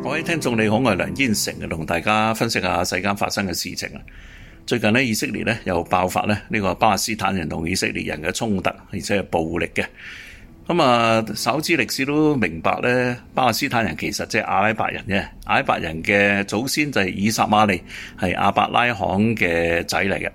各位聽眾你好，我係梁燕城，同大家分析一下世間發生嘅事情啊！最近呢以色列咧又爆發咧呢、呢個巴勒斯坦人同以色列人嘅衝突，而且係暴力嘅。咁啊，稍知歷史都明白咧，巴勒斯坦人其實即係阿拉伯人嘅，阿拉伯人嘅祖先就係以撒馬利，係阿伯拉罕嘅仔嚟嘅。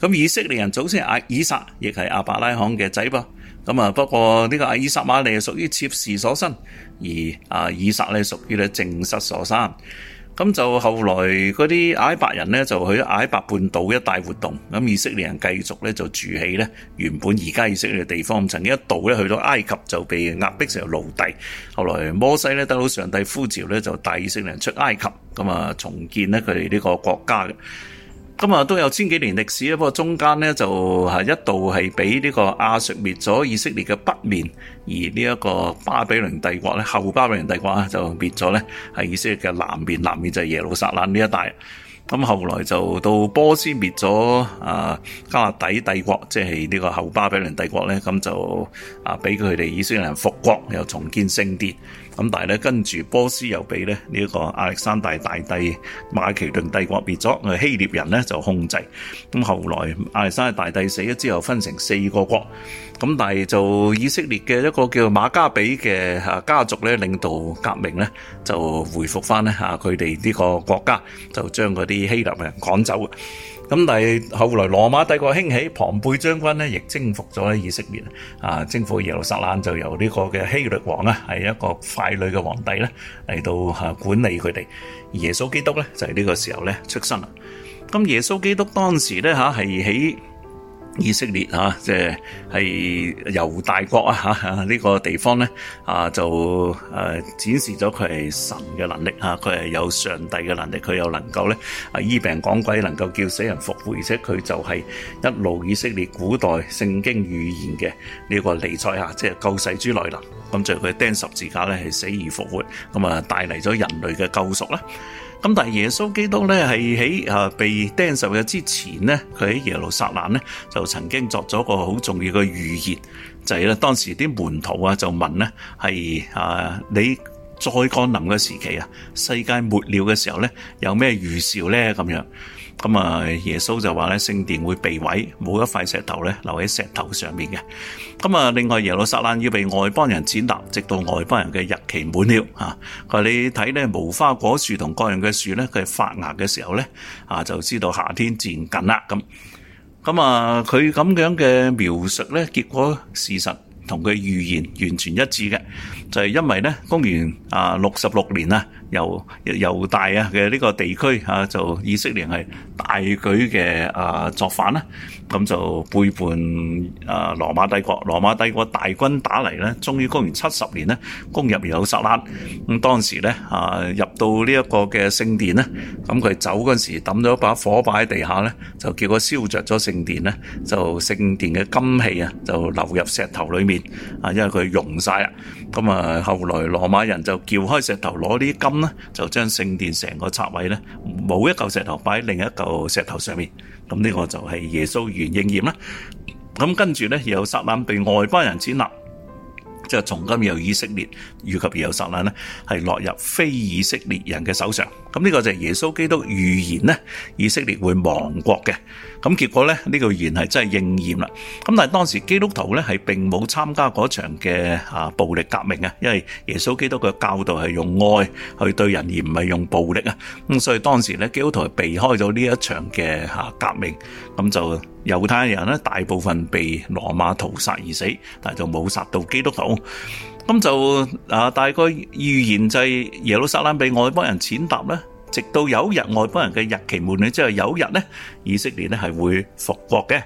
咁以色列人祖先係阿以撒亦係阿伯拉罕嘅仔噃。咁啊，不過呢個阿以撒馬利係屬於妾氏所生。而啊以撒咧屬於咧正室所生，咁就後來嗰啲阿拉伯人呢，就去咗阿拉伯半島一帶活動，咁以色列人繼續咧就住喺咧原本而家以色列嘅地方，曾經一度咧去到埃及就被壓迫成奴隸，後來摩西咧得到上帝呼召咧就帶以色列人出埃及，咁啊重建呢，佢哋呢個國家嘅。咁都有千幾年歷史啊！不過中間咧就一度係俾呢個亞述滅咗以色列嘅北面，而呢一個巴比倫帝國咧，後巴比倫帝國啊就滅咗咧，係以色列嘅南面，南面就係耶路撒冷呢一帶。咁後來就到波斯滅咗啊加勒底帝國，即係呢個後巴比倫帝國咧，咁就啊俾佢哋以色列人復國，又重建聖殿。咁但係咧，跟住波斯又俾咧呢一個亞歷山大大帝馬其頓帝國滅咗，希臘人咧就控制。咁後來亞歷山大大帝死咗之後，分成四個國。咁但係就以色列嘅一個叫馬加比嘅家族咧，領導革命咧，就回復翻咧佢哋呢個國家，就將嗰啲希臘人趕走。咁但係後來羅馬帝國興起，龐貝將軍咧亦征服咗以色列，啊征服耶路撒冷，就由呢個嘅希律王啊係一個傀儡嘅皇帝咧嚟到管理佢哋。耶穌基督咧就係呢個時候咧出生啦。咁耶穌基督當時咧嚇係喺。以色列嚇，即係係猶大國啊嚇，呢個地方咧啊就誒展示咗佢係神嘅能力嚇，佢係有上帝嘅能力，佢又能夠咧醫病趕鬼，能夠叫死人復活，而且佢就係一路以色列古代聖經預言嘅呢個離賽嚇，即係救世主來臨，跟住佢釘十字架咧係死而復活，咁啊帶嚟咗人類嘅救贖啦。咁但係耶穌基督呢，係喺啊被釘十字架之前呢，佢喺耶路撒冷呢，就曾經作咗個好重要嘅預言，就係、是、咧當時啲門徒啊就問呢係啊你。再降臨嘅時期啊，世界末了嘅時候呢，有咩預兆呢？咁樣咁啊，耶穌就話呢，聖殿會被毀，冇一塊石頭呢，留喺石頭上面嘅。咁啊，另外耶路撒冷要被外邦人踐踏，直到外邦人嘅日期滿了啊。佢話你睇呢，無花果樹同各樣嘅樹呢，佢發芽嘅時候呢，啊，就知道夏天漸近啦。咁咁啊，佢咁樣嘅描述呢，結果事實同佢預言完全一致嘅，就係因為咧，公元啊六十六年啊，由猶大啊嘅呢個地區啊，就以色列係大舉嘅啊作反啦，咁就背叛啊羅馬帝國，羅馬帝國大軍打嚟咧，終於公元七十年咧攻入猶薩拉，咁當時咧啊入到呢一個嘅聖殿咧，咁佢走嗰陣時抌咗把火把喺地下咧，就結果燒着咗聖殿咧，就聖殿嘅金器啊就流入石頭裏面。啊，因為佢溶晒啦，咁啊後來羅馬人就撬開石頭，攞啲金咧，就將聖殿成個拆位咧，冇一嚿石頭擺喺另一嚿石頭上面，咁呢個就係耶穌原應驗啦。咁跟住咧，耶路撒冷被外邦人踐踏，即係從今又以色列以及耶路撒冷咧，係落入非以色列人嘅手上。咁呢個就係耶穌基督預言咧，以色列會亡國嘅。咁結果咧，呢個預言係真係應驗啦。咁但係當時基督徒咧係並冇參加嗰場嘅嚇暴力革命啊，因為耶穌基督嘅教導係用愛去對人，而唔係用暴力啊。咁所以當時咧，基督徒係避開咗呢一場嘅嚇革命。咁就猶太人咧，大部分被羅馬屠殺而死，但係就冇殺到基督徒。咁就啊，大概預言就係耶路撒冷被外邦人踐踏咧，直到有一日外邦人嘅日期滿咧，即係有一日咧，以色列咧係會復國嘅。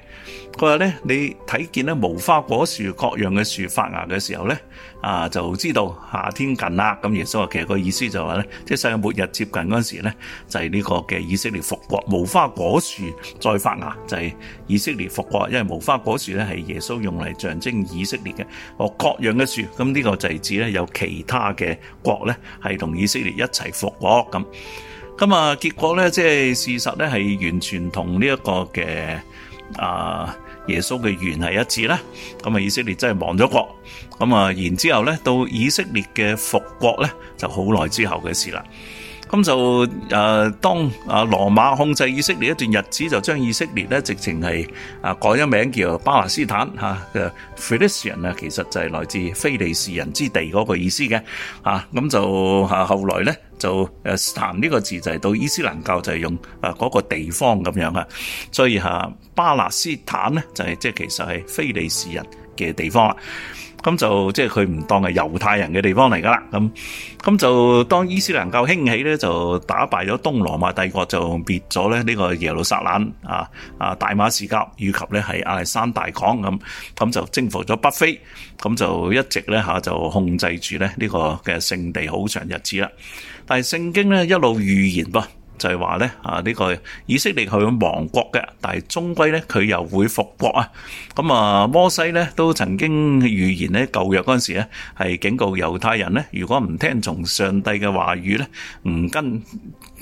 佢話咧，你睇見咧無花果樹各樣嘅樹發芽嘅時候咧，啊就知道夏天近啦。咁耶穌話，其實個意思就係話咧，即係世界末日接近嗰陣時咧，就係呢個嘅以色列復國。無花果樹再發芽就係以色列復國，因為無花果樹咧係耶穌用嚟象徵以色列嘅。哦，各樣嘅樹，咁呢個就係指咧有其他嘅國咧係同以色列一齊復國。咁咁啊，結果咧即係事實咧係完全同呢一個嘅啊。耶穌嘅元係一致啦，咁啊以色列真係亡咗國，咁啊然之後咧到以色列嘅復國咧就好耐之後嘅事啦。咁就誒，當啊羅馬控制以色列一段日子，就將以色列咧直情係啊改咗名叫巴勒斯坦嚇，菲利士人啊，其實就係來自菲利士人之地嗰個意思嘅嚇。咁就嚇後來咧就誒斯坦呢個字就係到伊斯蘭教就係用啊嗰個地方咁樣啊。所以嚇巴勒斯坦咧就係即係其實係菲利士人。嘅地方啦，咁就即係佢唔當係猶太人嘅地方嚟噶啦，咁咁就當伊斯蘭教興起咧，就打敗咗東羅馬帝國，就滅咗咧呢個耶路撒冷啊啊大馬士革，以及咧係亞歷山大港咁，咁就征服咗北非，咁就一直咧吓就控制住咧呢個嘅聖地好長日子啦，但係聖經咧一路預言噃。就係話咧，啊呢個以色列係亡國嘅，但係終歸咧佢又會復國啊！咁啊摩西咧都曾經預言咧舊約嗰陣時咧係警告猶太人咧，如果唔聽從上帝嘅話語咧，唔跟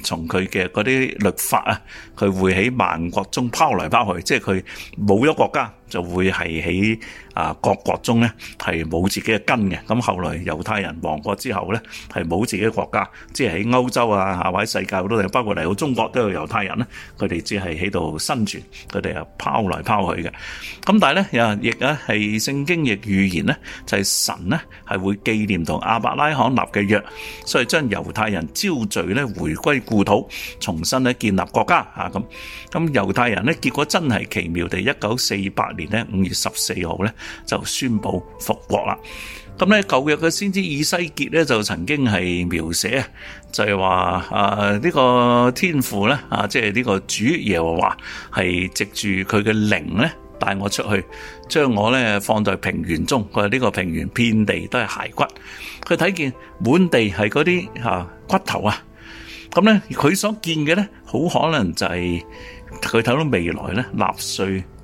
從佢嘅嗰啲律法啊，佢會喺萬國中拋來拋去，即係佢冇咗國家。就會係喺啊各國中咧係冇自己嘅根嘅，咁後來猶太人亡國之後咧係冇自己嘅國家，即係喺歐洲啊，嚇或者世界好多地，包括嚟到中國都有猶太人咧，佢哋只係喺度生存，佢哋啊拋來拋去嘅。咁但係咧又亦咧係聖經亦預言咧就係、是、神咧係會紀念同亞伯拉罕立嘅約，所以將猶太人招聚咧回歸故土，重新咧建立國家嚇咁。咁猶太人咧結果真係奇妙地一九四八年。咧五月十四號咧就宣布復國啦。咁咧舊約嘅先知以西結咧就曾經係描寫啊，就係話啊呢個天父咧啊即係呢個主耶和華係藉住佢嘅靈咧帶我出去，將我咧放在平原中。佢話呢個平原遍地都係骸骨，佢睇見滿地係嗰啲吓骨頭啊。咁咧佢所見嘅咧好可能就係佢睇到未來咧納粹，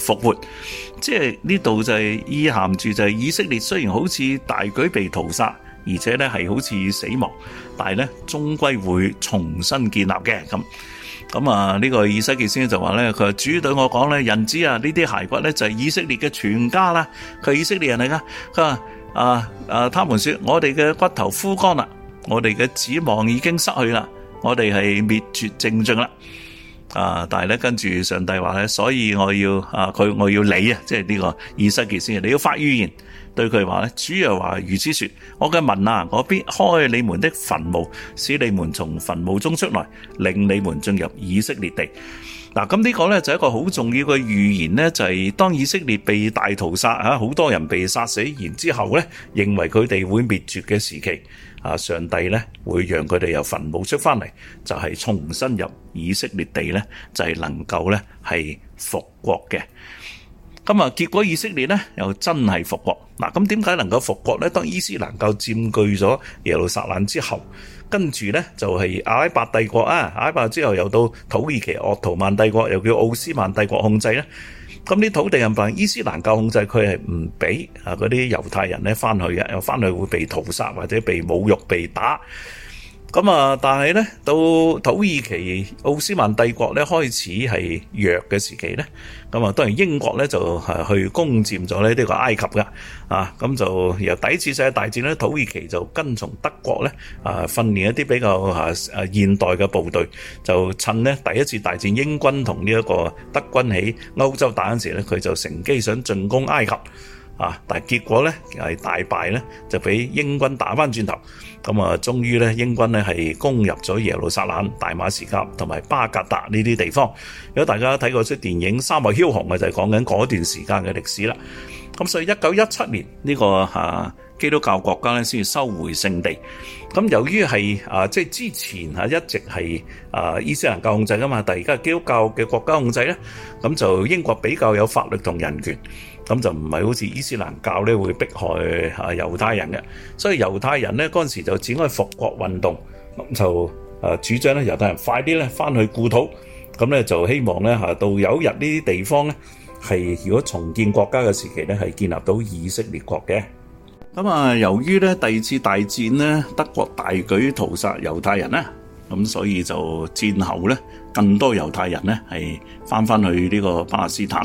復活，即係呢度就係意涵住就係以色列雖然好似大舉被屠殺，而且咧係好似死亡，但係咧終歸會重新建立嘅咁。咁啊呢個以色列先生就話咧，佢主對我講咧，人子啊呢啲骸骨咧就係以色列嘅全家啦，佢以色列人嚟噶。佢話啊啊，他們說我哋嘅骨頭枯乾啦，我哋嘅指望已經失去啦，我哋係滅絕淨盡啦。啊！但係咧，跟住上帝話咧，所以我要啊，佢我要理啊，即係呢個以色列先你要發預言對佢話咧，主要話如此說，我嘅民啊，我必開你們的墳墓，使你們從墳墓中出來，令你們進入以色列地。嗱，咁呢個咧就係一個好重要嘅預言咧，就係當以色列被大屠殺啊，好多人被殺死，然之後咧，認為佢哋會滅絕嘅時期，啊，上帝咧會讓佢哋由墳墓出翻嚟，就係重新入以色列地咧，就係能夠咧係復國嘅。咁啊，結果以色列咧又真係復國。嗱，咁點解能夠復國咧？當伊斯蘭教佔據咗耶路撒冷之後。跟住呢，就係阿拉伯帝國啊，阿拉伯之後又到土耳其鄂圖曼帝國，又叫奧斯曼帝國控制呢，咁啲土地人凡伊斯蘭教控制佢係唔俾啊嗰啲猶太人咧翻去嘅，又翻去會被屠殺或者被侮辱被打。咁啊，但係咧，到土耳其奧斯曼帝國咧開始係弱嘅時期咧，咁啊，當然英國咧就係去攻佔咗咧呢個埃及噶，啊，咁就由第一次世界大戰咧，土耳其就跟從德國咧啊，訓練一啲比較啊啊現代嘅部隊，就趁咧第一次大戰英軍同呢一個德軍喺歐洲打嗰陣時咧，佢就乘機想進攻埃及。啊！但結結果呢，係大敗呢，就俾英軍打翻轉頭。咁啊，終於呢，英軍呢係攻入咗耶路撒冷、大馬士革同埋巴格達呢啲地方。如果大家睇過出電影《沙漠梟雄》就係講緊嗰段時間嘅歷史啦。咁所以一九一七年呢、呢個、啊基督教國家咧先要收回聖地。咁由於係啊，即係之前啊一直係啊伊斯蘭教控制噶嘛，但係而家基督教嘅國家控制咧，咁就英國比較有法律同人權，咁就唔係好似伊斯蘭教咧會迫害啊猶太人嘅。所以猶太人咧嗰陣時就展開復國運動，咁就啊主張咧猶太人快啲咧翻去故土，咁咧就希望咧嚇到有一日呢啲地方咧係如果重建國家嘅時期咧係建立到以色列國嘅。咁啊，由於咧第二次大戰呢，德國大舉屠殺猶太人咧，咁所以就戰後咧，更多猶太人咧係翻翻去呢個巴勒斯坦，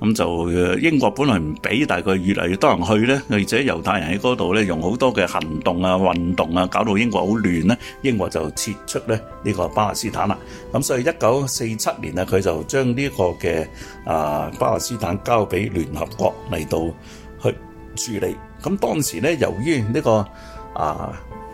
咁就英國本來唔俾，但係佢越嚟越多人去咧，而且猶太人喺嗰度咧用好多嘅行動啊、運動啊，搞到英國好亂咧，英國就撤出咧呢個巴勒斯坦啦。咁所以一九四七年啊，佢就將呢個嘅啊巴勒斯坦交俾聯合國嚟到去處理。咁當時咧，由於呢個啊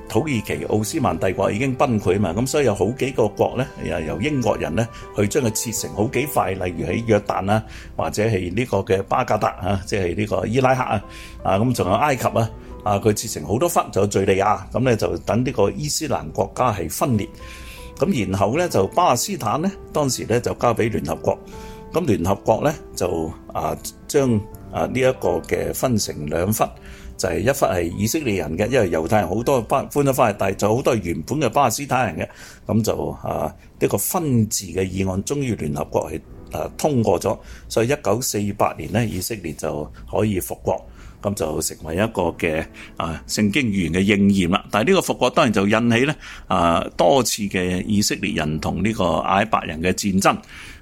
土耳其奧斯曼帝國已經崩潰啊嘛，咁所以有好幾個國咧，又由英國人咧去將佢切成好幾塊，例如喺約旦啊，或者係呢個嘅巴格達啊，即係呢個伊拉克啊，啊咁仲有埃及啊，啊佢切成好多忽，就有敍利亞，咁咧就等呢個伊斯蘭國家係分裂，咁然後咧就巴勒斯坦咧，當時咧就交俾聯合國，咁聯合國咧就啊將啊呢一個嘅分成兩忽。就係、是、一忽係以色列人嘅，因為猶太人好多搬搬咗翻去，但就好多原本嘅巴勒斯坦人嘅，咁就啊呢、這個分治嘅議案終於聯合國係、啊、通過咗，所以一九四八年咧，以色列就可以復國，咁就成為一個嘅啊聖經預言嘅應驗啦。但呢個復國當然就引起咧啊多次嘅以色列人同呢個阿拉伯人嘅戰爭，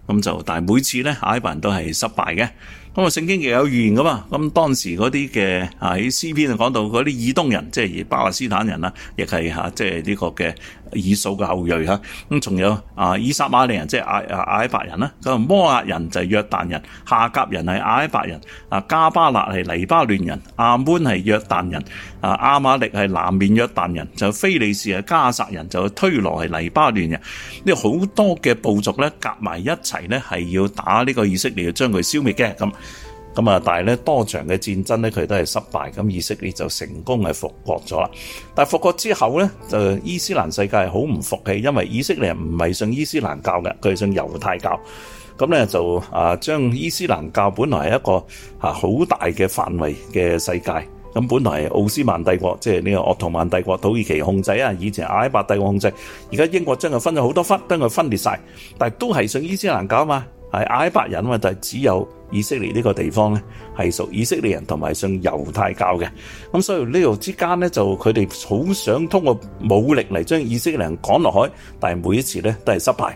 咁就但每次咧阿拉伯人都係失敗嘅。咁啊，聖經亦有預言㗎嘛。咁當時嗰啲嘅啊，喺詩篇就講到嗰啲以東人，即係巴勒斯坦人啦，亦係即係呢個嘅以掃嘅後裔吓。咁仲有啊，以撒馬利人，即係阿拉伯人啦。咁摩亞人就係約旦人，夏甲人係阿拉伯人，啊加巴勒係黎巴嫩人，阿們係約旦人，啊亞瑪力係南面約旦人，就非、是、利士係加薩人，就是、推羅係黎巴嫩人。呢好多嘅部族咧，夾埋一齊咧，係要打呢個以色列，要將佢消滅嘅咁。咁啊！但係咧，多場嘅戰爭咧，佢都係失敗。咁以色列就成功係復國咗啦。但係復國之後咧，就伊斯蘭世界好唔服氣，因為以色列唔係信伊斯蘭教嘅，佢係信猶太教。咁咧就啊，將伊斯蘭教本來係一個好大嘅範圍嘅世界。咁本來奧斯曼帝國即係呢個鄂圖曼帝國、土耳其控制啊，以前阿拉伯帝國控制，而家英國將佢分咗好多忽，將佢分裂晒，但係都係信伊斯蘭教啊嘛。係阿拉伯人啊嘛，但係只有以色列呢個地方咧係屬以色列人同埋信猶太教嘅，咁所以呢度之間咧就佢哋好想通過武力嚟將以色列人趕落去，但係每一次咧都係失敗。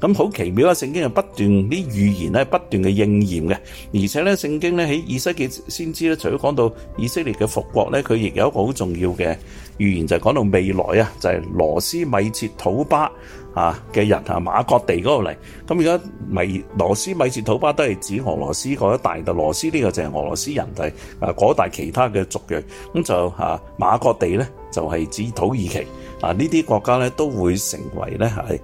咁好奇妙啊！聖經係不斷啲預言咧，不斷嘅應驗嘅，而且咧聖經咧喺以西結先知咧，除咗講到以色列嘅復國咧，佢亦有一個好重要嘅預言，就係、是、講到未來啊，就係、是、羅斯米切土巴啊嘅人啊馬各地嗰度嚟。咁而家咪羅斯米切土巴都係指俄羅斯嗰一大特羅斯，呢個就係俄羅斯人哋啊，嗰大其他嘅族裔。咁就嚇、啊、馬各地咧，就係、是、指土耳其啊呢啲國家咧都會成為咧係。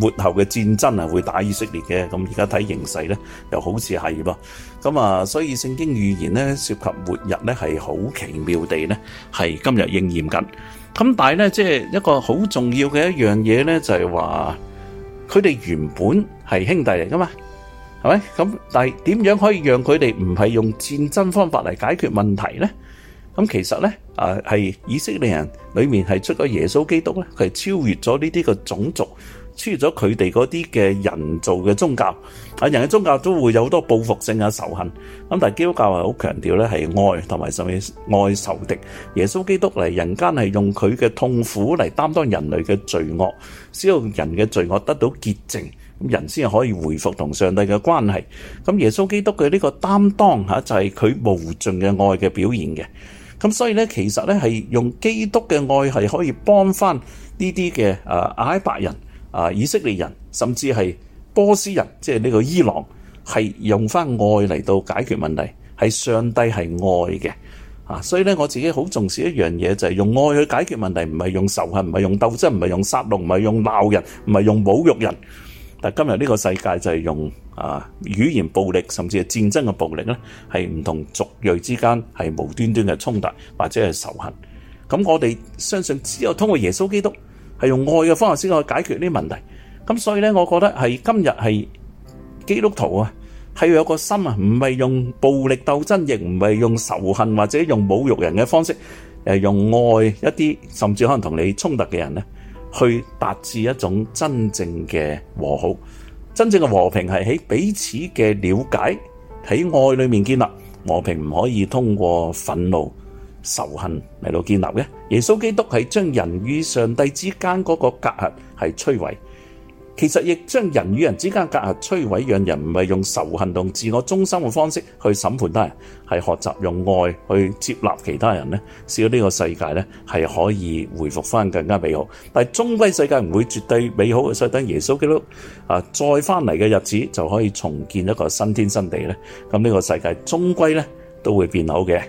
末後嘅戰爭啊，會打以色列嘅。咁而家睇形勢咧，又好似係咯。咁啊，所以聖經預言咧，涉及末日咧，係好奇妙地咧，係今日應驗緊。咁但係咧，即係一個好重要嘅一樣嘢咧，就係話佢哋原本係兄弟嚟噶嘛，係咪？咁但係點樣可以讓佢哋唔係用戰爭方法嚟解決問題咧？咁其實咧，啊，係以色列人裏面係出個耶穌基督咧，佢係超越咗呢啲個種族，超越咗佢哋嗰啲嘅人造嘅宗教，啊，人嘅宗教都會有好多報復性嘅仇恨咁。但係基督教係好強調咧，係愛同埋甚至愛仇敵。耶穌基督嚟人間係用佢嘅痛苦嚟擔當人類嘅罪惡，使到人嘅罪惡得到潔淨，咁人先係可以回復同上帝嘅關係。咁耶穌基督嘅呢個擔當嚇就係佢無盡嘅愛嘅表現嘅。咁所以咧，其實咧係用基督嘅愛係可以幫翻呢啲嘅啊阿拉伯人。啊！以色列人甚至係波斯人，即係呢個伊朗，係用翻愛嚟到解決問題。係上帝係愛嘅，啊！所以咧，我自己好重視一樣嘢，就係用愛去解決問題，唔係用仇恨，唔係用鬥爭，唔係用殺戮，唔係用鬧人，唔係用侮辱人。但今日呢個世界就係用啊語言暴力，甚至係戰爭嘅暴力咧，係唔同族裔之間係無端端嘅衝突或者係仇恨。咁我哋相信只有通過耶穌基督，係用愛嘅方式去解決呢啲問題，咁所以咧，我覺得係今日係基督徒啊，係要有個心啊，唔係用暴力鬥爭，亦唔係用仇恨或者用侮辱人嘅方式，誒用愛一啲甚至可能同你衝突嘅人咧，去達至一種真正嘅和好，真正嘅和平係喺彼此嘅了解喺愛裏面建立，和平唔可以通過憤怒。仇恨嚟到建立嘅。耶穌基督係將人與上帝之間嗰個隔閡係摧毀，其實亦將人與人之間隔閡摧毀，讓人唔係用仇恨同自我中心嘅方式去審判他人，係學習用愛去接納其他人咧，使到呢個世界咧係可以回復翻更加美好。但係終歸世界唔會絕對美好嘅，所以等耶穌基督啊再翻嚟嘅日子就可以重建一個新天新地咧。咁呢個世界終歸咧都會變好嘅。